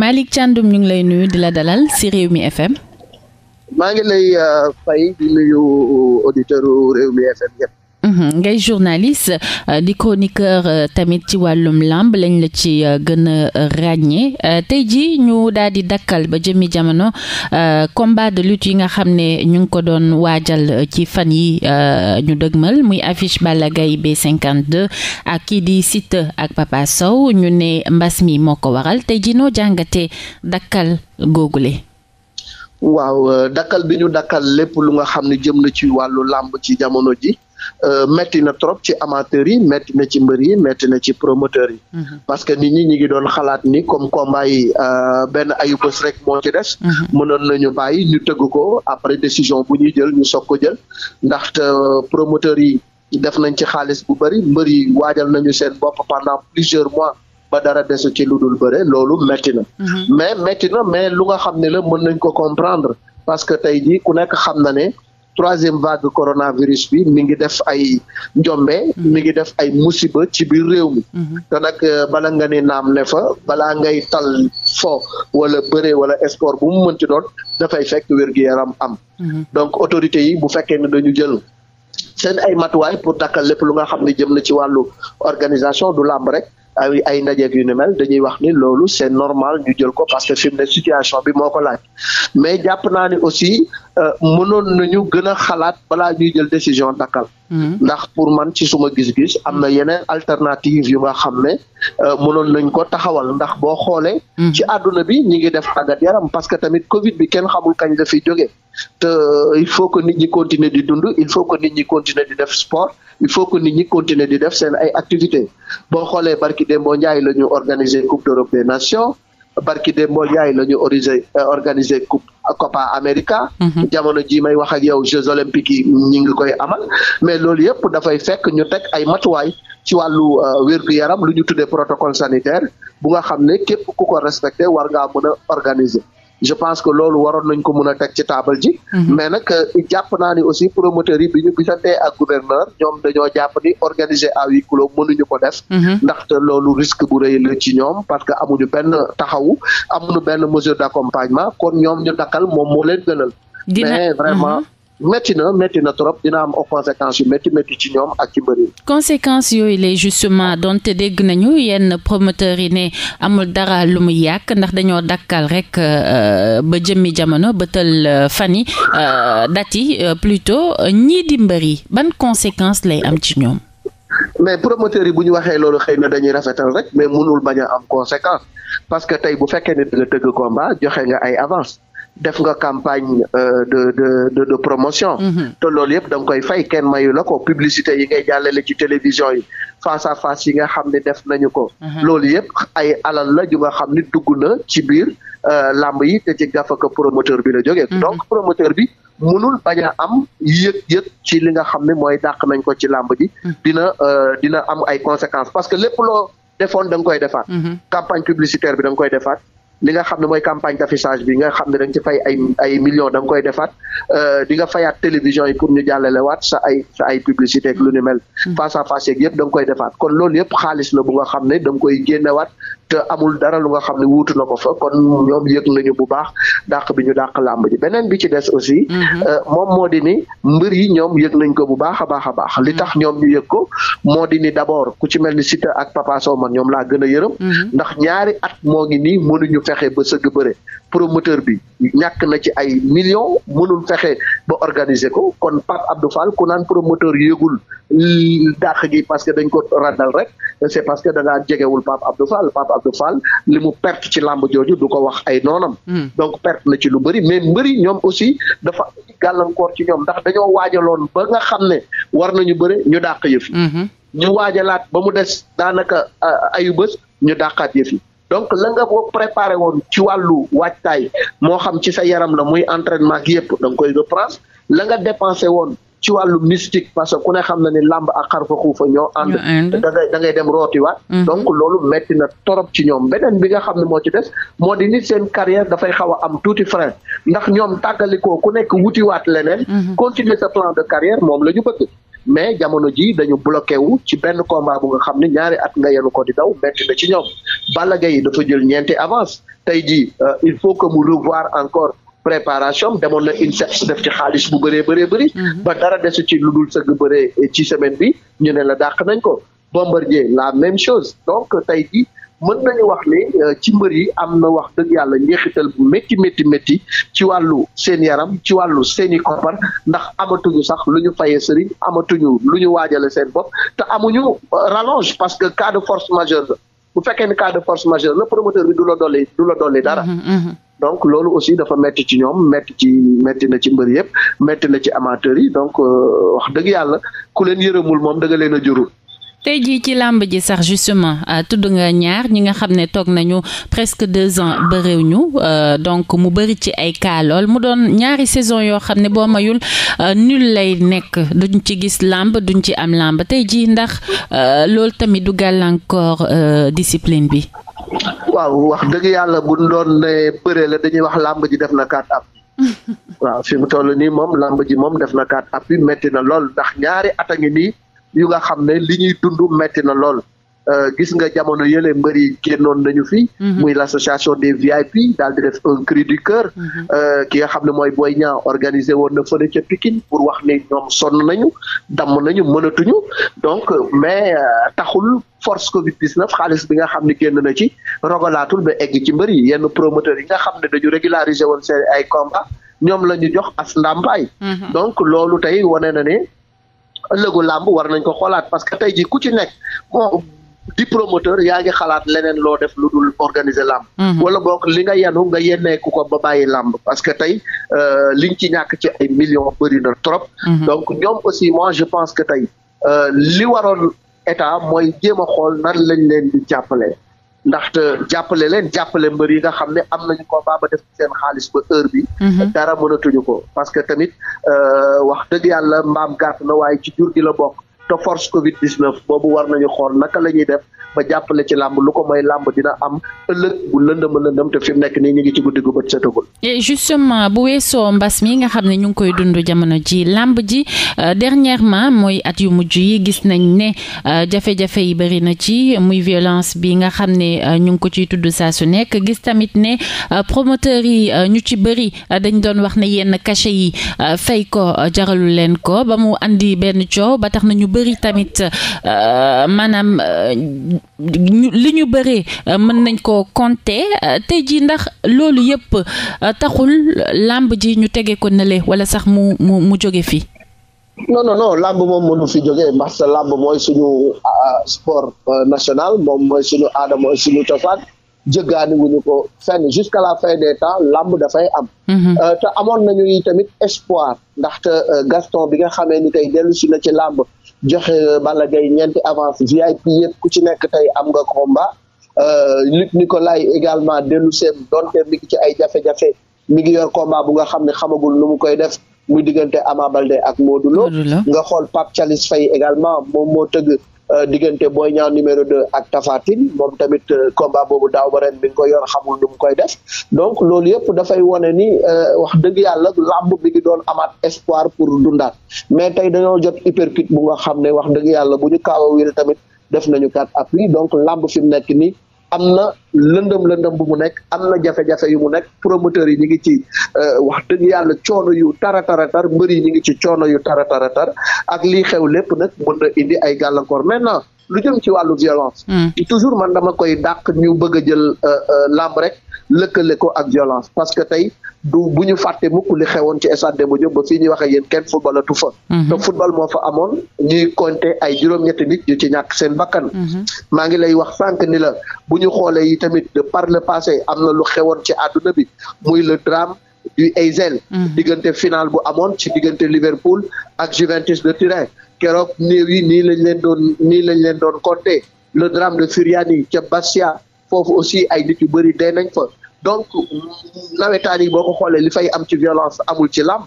Malick Thiandoum ñu ngi lay nuyu di la dalal ci mi FM maa ngi lay euh, fay di nuyu auditeurs Rewmi FM Mhm. ngay journaliste euh, di chroniqueur euh, tamit ci wàllum làmb lañ la ci euh, gën a ràññee tey ji ñu daal di dakkal ba jëmmi jamono combat de lutte yi nga xam ne ñu ngi ko doon waajal ci fan yi ñu dëgmal muy affiche Balla Gaye B52 ak kii di Siteu ak Papa Sow ñu ne mbas mi moo ko waral tey ji noo jàngate dakkal googule waaw dakkal bi ñu dakkal lépp lu nga xam ne jëm na ci wàllu làmb ci jamono ji Euh, metti na trop ci amateurs yi metti na ci mbër yi metti na ci promoteurs yi. Mhm. parce que ni ñi ñu ngi doon xalaat ni comme combat yi euh, benn ayubés rek moo ci des. Mhm. mënoon nañu bàyyi ñu tëgg ko après décision bu ñu jël ñu soog ko jël ndaxte euh, promoteurs yi def nañ ci xaalis bu bëri mbër yi waajal nañu seen bopp pendant plusieurs mois. ba dara desu ci lu dul bëre loolu metti na. Mhm. mais metti na mais lu nga xam ne la mën nañ ko comprendre parce que tey jii ku nekk xam na ne. troisième vague coronavirus bi mi ngi def ay njombe mm-hmm. mi ngi def ay musiba ci biir réew mi mm-hmm. te nag euh, bala nga ne naam ne fa balaa ngay tal fo wala bëre wala sport bu mu mënti doon dafay fekk wér-gu-yaram am mm-hmm. donc autorité yi bu fekkee ne dañu jël seen ay matuwaay pour dakkal lépp lu nga xam ne jëm na ci wàllu organisation du làmb rek ay ay ndajeeg ne ni mel dañuy wax ni loolu c'est normal ñu jël ko parce que fi mu ne situation bi moo ko laaj mais jàpp naa aussi Euh, mënoon nañu gën a xalaat balaa ñuy jël décision dakkal hmm. ndax pour man ci suma gis-gis am na hmm. yeneen alternative yu nga xam ne euh, mënoon nañ ko taxawal ndax boo xoolee hmm. ci àdduna bi ñi ngi def tàggat yaram parce que tamit covid bi kenn xamul kañ la fi jógee te euh, il faut que nit ñi continuer di dund il faut que nit ñi continuer di def sport il faut que nit ñi continuer di def seen ay activité boo xoolee barki démboo njaay la ñu organiser coupe d'Europe des nations barki de mbool yaay la ñu organiser euh, organiser coupe euh, Copa America. Mhm. jamono ji may wax ak yow Jeux olympiques yi ñu ngi koy amal mais loolu yëpp dafay fekk ñu teg ay matuwaay ci wàllu euh, wér-gu-yaram lu ñu tuddee protocole sanitaire bu nga xam ne képp ku ko respecté war ngaa mën a organiser. je pense que loolu waroon nañ ko mën a teg ci taabal ji. Mhm. mais nag euh, jàpp naa ni aussi promoteurs yi bi ñu gisantee ak gouverneur ñoom dañoo jàpp ni organiser à huis clos mënuñu ko def. Mhm. ndaxte loolu risque bu rëy la ci ñoom parce que amuñu benn taxawu amuñu benn mesure d'accompagnement kon ñoom ñu dakkal moom moo leen gënal. mais vraiment. Mhm. métti na métti na trop dina am conséquences yu métti métti ci ñoom ak ci mbëri conséquences yooyu lay justement donte dégg nañu yenn promoteurs yi ne amul dara lu mu yàq ndax dañoo dakkal rek euh, ba jëmmi jamono ba tël euh, fan yi euh, date yi ñii di mbëri ban conséquence lay am ci ñoom. mais promoteurs yi bu ñu waxee loolu xëy na dañuy rafetal rek mais mënul bañ a am conséquence parce que tey bu fekkee ne da nga tëgg combat joxe nga ay avance. def nga campagne euh, de de de, de promotion. Mm-hmm. te loolu yëpp da koy fay kenn mayu la ko publicité yi ngay jàllale ci télévision yi face à face yi nga xam ne def nañu ko. Mm-hmm. loolu yëpp ay alal la ju nga xam ni dugg na ci biir euh, làmb yi te ci gafaka promoteur bi la joge mm-hmm. donc promoteur bi. mënul bañ am yëg-yëg ci li nga xam ne mooy dàq nañ ko ci làmb yi dina euh, dina am ay conséquence parce que lépp loo defoon da koy defaat. campagne publicitaire bi da koy defaat li nga xam ne mooy campagne d'affichage bi nga xam ne dañ ci fay ay ay millions da koy defaat euh, di nga fayaat télévision yi pour ñu jàllale waat sa ay sa ay publicité ak lu ni mel hmm. face à face yeeg yëpp da nga koy defaat kon loolu yëpp xaalis la bu nga xam ne da nga koy génnewaat te amul dara lu nga xam ne wuutu na ko fa kon ñoom yëg nañu bu baax dàq bi ñu dàq làmb beneen bi ci des aussi. Mhm. Euh, moom moo di ni mbër yi ñoom yëg nañ ko bu baax a baax a baax. li mhm. tax ñoom ñu yëg ko moo di ni d' ku ci mel ni Siteu ak Papa Sow man ñoom laa gën a yërëm. Mhm. ndax ñaari at moo ngi nii mënuñu fexe ba sëgg bëre promoteur bi ñàkk na ci ay millions mënul fexe ba organiser ko kon Pape Abdou Fall ku naan promoteur yëgul dàq gi parce que dañ ko ràddal rek. c'est parce que da ngaa jegewul Pape Abdou Fall Pape Abdou Fall perte ci làmb jooju du ko wax ay noonam. Hmm. donc perte na ci lu bëri mais mbëri ñoom aussi dafa gàllankoor ci ñoom ndax dañoo loon ba nga xam ne war ñu bëri ñu dàq yëf yi. Hmm. ñu laat ba mu des daanaka euh, ayu bés ñu dàqaat yëf yi. donc la nga ko préparé woon ci wàllu waajtaay moo xam ci sa yaram la muy entraînement gi yëpp da nga koy reprendre la nga dépensé woon. ci wàllu mystique parce que ku ne xam na ni làmb ak xar fa xuufa ñoo ànd da ngay dem rooti waat rootiwaat mm-hmm. donc loolu metti na torop ci ñoom beneen bi nga xam ne moo ci des moo di nit seen carrière dafay xaw a am tuuti frein ndax ñoom tàggalikoo ku nekk wutiwaat leneen mm-hmm. continuer sa plan de carrière moom la ñu bëgg mais jamono ji dañu bloqué wu ci benn combat bu nga xam ne ñaari at nga yenu ko di daw metti na ci ñoom Balla Gaye dafa jël ñeenti avance tey ji euh, il faut que mu revoir encore préparation demoon na INSEPS def ci xaalis bu bëree bëree bëri. Mhm. ba dara desu ci lu dul sëgg bëree ci semaine bi ñu ne la dàq nañ ko. Bombardier la même chose donc tey jii mën nañu wax ne euh, ci mbër yi am na wax dëgg yàlla njeexital bu métti métti métti ci wàllu seen yaram ci wàllu seeni koppar ndax amatuñu sax lu ñu fayee sëriñ amatuñu lu ñu waajale seen bopp te amuñu euh, rallonge parce que cas de force majeure bu fekkee ne cas force majeure la promoteur bi donc loolu aussi dafa metti ci ñoom metti ci metti na ci mbër yëpp metti na ci amateurs yi donc euh, wax dëgg yàlla ku leen yërëmul moom da nga leen a juru tey jii ci làmb ji sax justement euh, tudd nga ñaar ñi nga xam ne toog nañu presque deux ans ba réew ñu euh, donc mu bari ci ay cas lool mu doon ñaari saison yoo xam ne boo mayul euh, nu lay nekk duñ ci gis làmb duñ ci am làmb tey jii ndax loolu tamit du gàllankoor discipline bi. waaw wax dëgg yàlla bu ñu doon ne bëre la dañuy wax làmb ji def na kaat am. waaw fi mu toll nii moom làmb ji moom def na kaat appui métti na lool ndax ñaari at a nii. yu nga xam ne li ñuy dund metti na lool euh, gis nga jamono yële mbër yi génnoon nañu fi. Mhm. muy l'association des VIP daal di def un cri du mhm. euh, ki nga xam ne mooy Boy Niang organisé woon na fële ca Pikine pour wax ni ñoom sonn nañu damm nañu mënatuñu donc mais euh, taxul force Covid 19 xaalis bi nga xam ne génn na ci rogalaatul ba egg ci mbër yi yenn promoteurs yi nga xam ne dañu régulariser woon seen ay combat ñoom lañu jox as ndàmpaay. Mhm. donc loolu tey wane na ne. ëllëgu làmb war nañ ko xoolaat parce que tey jii ku ci nekk bon di promoteur yaa ngi xalaat leneen loo def lu dul organiser làmb mhm. wala boog li nga yenu nga yenneeku ko ba bàyyi làmb parce que tey euh, liñ ci ñàkk ci ay millions bëri na trop mhm. donc aussi moi je pense que tey euh, li waroon état mooy jéem a xool nan lañ leen di jàppale ndaxte jàppale leen jàppale mbër yi nga xam ne am nañu combat ba def seen xaalis ba heure bi mhm. dara mënatuñu ko parce que tamit euh, wax dëgg yàlla mbaam gàtt na waaye ci jur gi bokk te force Covid 19 boobu war ko mooy làmb dina am ëllëg bu lëndëm lëndëm te fi mu weesoo mbas mi nga xam ne ñu ngi koy dund jamono ji làmb ji euh, dernièrement mooy at yu mujj yi gis nañ ne euh, jafe-jafe yi bëri na ci muy violence bi nga xam ne euh, ñu ngi ko ciy tudd saa su nekk gis tamit ne promoteurs yi ñu ci bëri dañ doon wax ne yenn cachet yi fay ko jaralu leen ko ba mu andi benn coow ba tax na ñu bëri bëri tamit euh, maanaam euh, li ñu bëree euh, mën nañ ko compter tey ji ndax loolu yëpp taxul làmb ji ñu tege ko nële wala sax mu mu mu jóge fii non non non làmb moom mënu fi jógee parce que làmb mooy suñu sport national moom mooy suñu aada mooy suñu cosaan jëggaani wuñu ko fenn jusqu'à la fin des temps lamb dafay am mhm. euh, te amoon nañu tamit espoir ndaxte euh, Gaston bi nga xamee ni tey dellu si na ci lamb joxe euh, Balla Gaye ñeenti avance VIP yëpp ku ci nekk tey am nga combat Luc Nicolaï également dellu seem donte mi ngi ci ay jafe-jafe mi ngi yor combat bu nga xam ne xamagul nu mu koy def muy diggante Ama Baldé ak Modou Lo nga xool Pape Thialis Faye également moom moo tëgg Euh, diggante Boy Niang numéro 2 ak Tapha Tine moom tamit euh, combat boobu daaw ba ren mi ngi ko yor xamul nu mu koy def donc loolu yëpp dafay wane ni euh, wax dëgg yàlla làmb bi ngi doon amaat espoir pour dundaat mais tey dañoo jot uppercut bu nga xam ne wax dëgg yàlla bu ñu kaaw a tamit def nañu quatre appui donc làmb fi mu nekk nii. am na lëndëm lëndëm bu mu nekk am na jafe-jafe yu mu nekk promoteurs yi ñu ngi ci euh, wax dëgg yàlla coono yu tara tara tar mbër yi ñu ngi ci coono yu tara tara tar ak lii xew lépp nag mën na indi ay gàllankoor maintenant lu jëm ci wàllu violence. Mm. toujours man dama koy dàq ñu bëgg a jël euh, euh, làmb rek lëkkale ko ak violence parce que tey du bu ñu fàtte mukk li xewoon ci stade Demba Diop ba fii ñuy wax ak yéen kenn footballatu fa. Mm-hmm. football moo fa amoon ñuy compter ay juróom-ñetti nit ñu ci ñàkk seen bakkan. Mm-hmm. maa lay wax sànq ni la bu ñu xoolee yi tamit de par le passé am na lu xewoon ci àdduna bi muy le drame. du Eysel. Mm-hmm. diggante final bu amoon ci diggante Liverpool ak Juventus de Turin keroog néew yi nii lañ leen doon nii lañ leen doon compter le drame de Furiani ca Bastia foofu aussi ay nit yu bëri dee nañ fa donc nawetaan yi boo ko xoolee li fay am ci violence amul ci làmb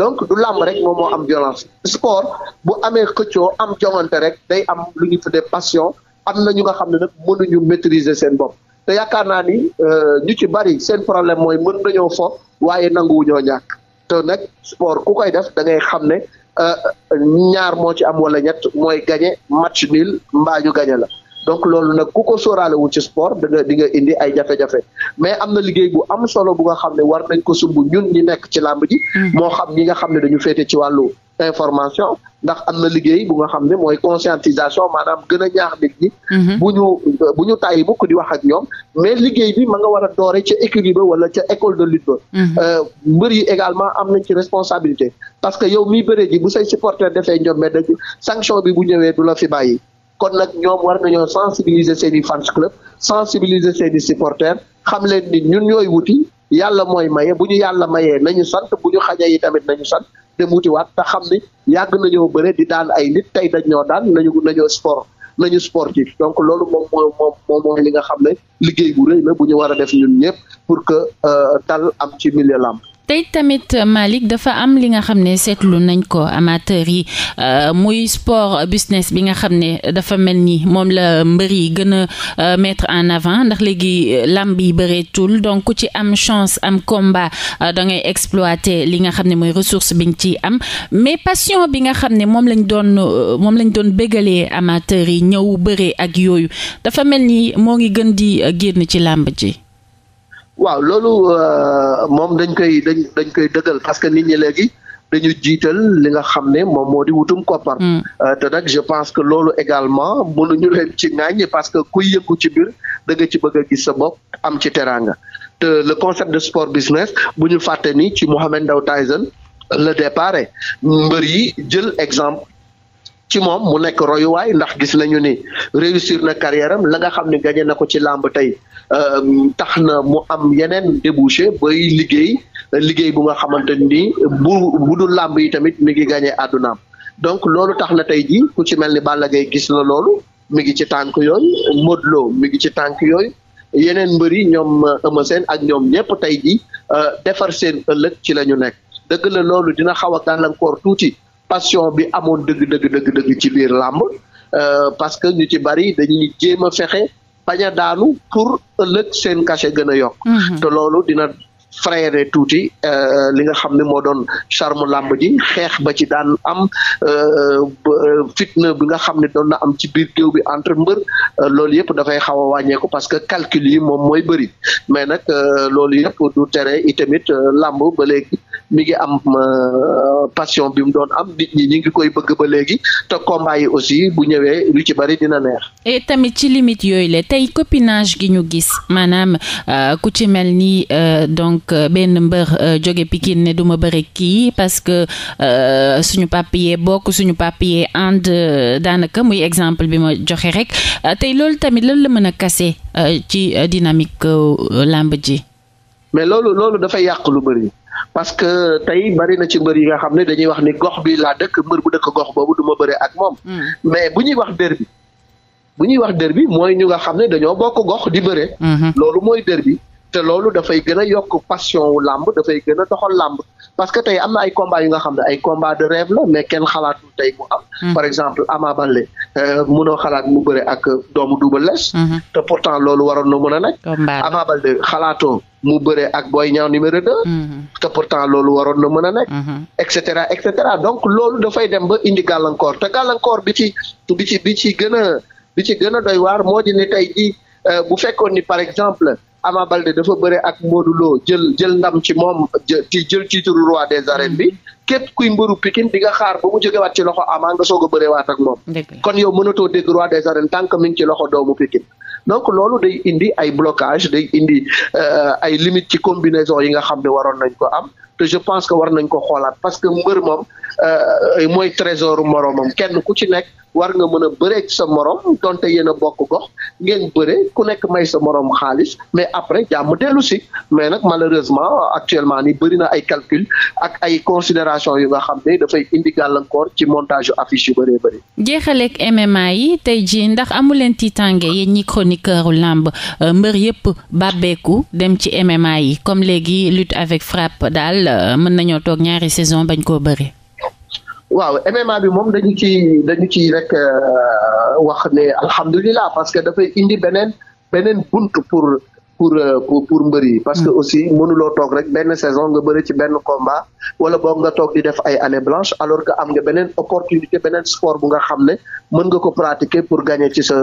donc du làmb rek moom moo am violence sport bu amee xëccoo am joŋante rek day am lu ñu tuddee passion am na ñu nga xam ne nag ñu maîtriser seen bopp te yaakaar naa ni euh, ñu ci bari seen problème mooy mën nañoo fo waaye nanguwuñoo ñàkk te nag sport ku koy def da ngay xam ne ñaar moo ci am wala ñett mooy gañe match nul mbaañu ñu la donc loolu nag ku ko sóoraale wu ci sport da nga di nga indi ay jafe-jafe mais am na liggéey bu am solo bu nga xam ne war nañ ko sumb ñun ñi nekk ci làmb ji mm. moo xam ñi nga xam ne dañu féete ci wàllu information ndax am na liggéey bu nga xam ne mooy conscientisation maanaam gën a ñaax nit ñi. Mhm. bu ñu bu ñu di wax ak ñoom mais liggéey bi ma nga war a doore ca écurie ba wala ca école de lutte ba. Mhm. Euh, mbër yi également am nañ ci responsabilité parce que yow mi bëree ji bu say supporter defee ñoom mais dañu sanction bi bu ñëwee du la fi bàyyi. kon nag ñoom war nañoo sensibiliser seen i fans club sensibiliser seen i xam leen ni ñun ñooy wuti. yàlla mooy maye bu ñu yàlla mayee nañu sant bu ñu xañee yi tamit nañu sant dem wutiwaat te xam ni yàgg nañoo bëre di daan ay nit tey dañ ñoo daan nañu nañoo sport nañu sportif donc loolu moom moo moom mooy li nga xam ne liggéey bu rëy la bu ñu war a def ñun ñëpp pour que euh, dal am ci milieu làmp tey tamit euh, Malick dafa am li nga xam ne seetlu nañ ko amateur yi euh, muy sport business bi nga xam ne dafa mel ni moom la mbër yi gën a euh, mettre en avant ndax léegi làmb yi bëreetul donc ku ci am chance am combat da ngay exploiter li nga xam ne mooy ressource bi nga ciy am mais passion bi nga xam ne moom lañ doon moom lañ doon bégalee amateur yi ñëw bëree ak yooyu dafa mel ni moo ngi gën di génn ci làmb ji waaw loolu euh, moom dañ koy dañ dañ koy dëggal parce que nit ñi léegi dañu jiital li nga xam ne moom moo di wutum koppar. Hmm. Euh, te nag je pense que loolu également mënuñu leen ci ŋàññ parce que kuy yëngu ci biir da nga ci bëgg a gis sa bopp am ci teraanga te le concept de sport business bu ñu fàtte ni ci Mohamed Ndao Tyson le départ mbër yi jël exemple ci moom mu nekk royuwaay ndax gis nañu ni réussir na carrière la nga xam ne gagné na ko ci làmb tey euh, tax na mu am yeneen débouché bay liggéey liggéey bu nga xamante ni bu bu dul làmb yi tamit mi ngi gagné àddunaam donc loolu tax na tey jii ku ci mel ni Balla Gaye gis na loolu mi ngi ci tànk yooyu Modou Lo mi ngi ci tànk yooyu yeneen mbër yi ñoom euh, Eumeu Sène ak ñoom ñëpp tey jii euh, defar seen ëllëg ci la ñu nekk dëgg la loolu dina xaw a gàllankoor tuuti. passion bi amoon dëgg dëgg dëgg dëgg ci biir làmb euh, parce que ñu ci bari dañuy jéem a fexe bañ a daanu pour ëllëg seen kashe gën a yokk. Mhm. te loolu dina frayé tuuti euh, li nga xam ne moo doon charme làmb ji xeex ba ci daan am euh, fitna bi nga xam ne doon na am ci biir géew bi entre mbër loolu yëpp dafay xaw a wàññeeku parce que calcul yi moom mooy bëri mais nag loolu yëpp du tere itamit làmb ba léegi. mi ngi am euh, passion bi mu doon am nit ñi ñu ngi koy bëgg ba léegi te combat yi aussi bu ñëwee lu ci bari dina neex. et tamit ci limite yooyu le tey copinage gi ñu gis maanaam euh, ku ci mel ni euh, donc benn mbër jóge Pikine ne duma ma bëre kii parce que suñu papier bokk suñu papier ànd daanaka muy exemple bi ma joxe rek tey loolu tamit lan la mën a kase ci dynamique làmb ji. mais loolu loolu dafay yàq lu bëri parce que tey bari na ci mbër yi nga xam ne dañuy wax ni gox bi laa dëkk mbër bu dëkk gox boobu du ma bëree ak moom. Hmm. mais bu ñuy wax derby bu ñuy wax dër bi mooy ñu nga xam ne dañoo bokk gox di bëre. Hmm. loolu mooy dër bi te loolu dafay gën a yokk passion wu làmb dafay gën a doxal làmb parce que tey am na ay combat yu nga xam ne ay combat de rêve la mais kenn xalaatul tey mu am. Hmm. par exemple Ama Baldé euh, mënoo xalaat mu bëre ak doomu Double Less. Hmm. te pourtant loolu waroon na mën a nekk. Ama Baldé xalaatoo mu bëre ak Boy Niang numéro deux. Hmm. te pourtant loolu waroon na mën a nekk. et cetera et cetera donc loolu dafay dem ba indi gàllankoor te gàllankoor bi ci bi ci bi ci gën a bi ci gën a doy waar moo di ne tey euh, bu fekkoon ni par exemple. Ama Baldé dafa bëre ak Modou Lo jël jël ndam ci moom ci jël titre roi des arènes bi képp kuy mbëru Pikine di nga xaar ba mu jógewaat ci loxo Ama nga soog a bërewaat ak moom kon yow mënatoo dégg roi des arènes tant que mi ngi ci loxo doomu Pikine donc loolu day indi ay blocage day indi euh, ay limite ci combinaison yi nga xam ne waroon nañ ko am te je pense que war nañ ko xoolaat parce que mbër moom euh, mooy trésor moroomam kenn ku ci nekk war nga mën a bëreeg sa morom donte yéen a bokk gox ngeen bëre ku nekk may sa morom xaalis mais après jàmm dellu si mais nag malheureusement actuellement ni bëri na ay calcul ak ay considération yu nga xam ne dafay indi gàllankoor ci montage yu affiche yu bëree bëri. jeexaleeg MMA yi tey ji ndax amu leen tiitange yéen ñi chroniqueur làmb euh, mbër yëpp bàbbeeku dem ci wala mën nañoo toog ñaari saison bañ koo bëri. waaw MMA bi moom dañu ci dañu ci rek euh, wax ne alhamdulilah parce que dafay indi beneen beneen bunt pour pour euh, pour, pour mbër yi parce que mm. aussi mënuloo toog rek benn saison nga bëri ci benn combat wala boog nga toog di def ay année blanche alors que am nga beneen opportunité beneen sport bu nga xam ne mën nga ko pratiquer pour gagner ci sa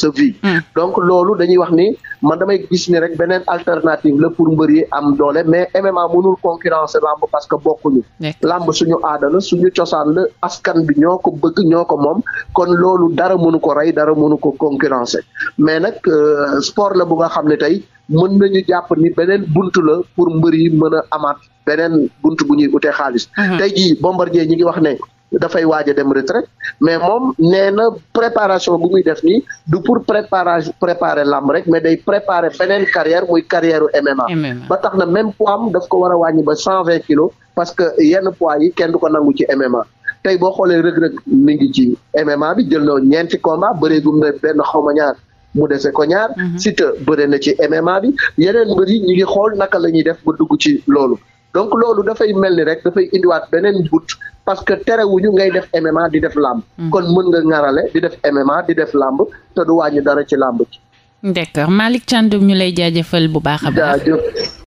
sa vie. Mm. donc loolu dañuy wax ni man damay gis ni rek beneen alternative la pour mbër yi am doole mais MMA mënul concurrence lamb parce que bokkuñu. làmb suñu aada la suñu cosaan la askan bi ñoo ko bëgg ñoo ko moom kon loolu dara mënu ko rey dara mënu ko concurrencer mais nag euh, sport la bu nga xam ne tey. mën nañu jàpp ni beneen buntu la pour mbër yi mën a amaat beneen buntu bu ñuy utee xaalis. Mm-hmm. tey jii Bombardier ñi ngi dafay waaj dem retraite mais moom nee na préparation bu muy def nii du pour préparer préparer lamb rek mais day préparer beneen carrière muy carrière MMA. ba tax na même poids am daf ko war a wàññi ba cent vingt kilos parce que yenn poids yi kenn du ko nangu ci MMA. tey boo xoolee Reug Reug mi ngi ci MMA bi jël na ñeenti combat bëreegum na benn xawma ñaar mu dese ko ñaar. Mhm. Siteu bëre na ci MMA bi yeneen mbër yi ñu ngi xool naka la ñuy def ba dugg ci loolu. donc loolu dafay mel ni rek dafay indiwaat beneen but parce que ñu ngay def MMA di def làmb. Mm. kon mën nga ŋarale di def MMA di def làmb te du wàññi dara ci làmb ci. d'accord Malick Thiandoum ñu lay jaajëfal bu baax a baax. jaajëf.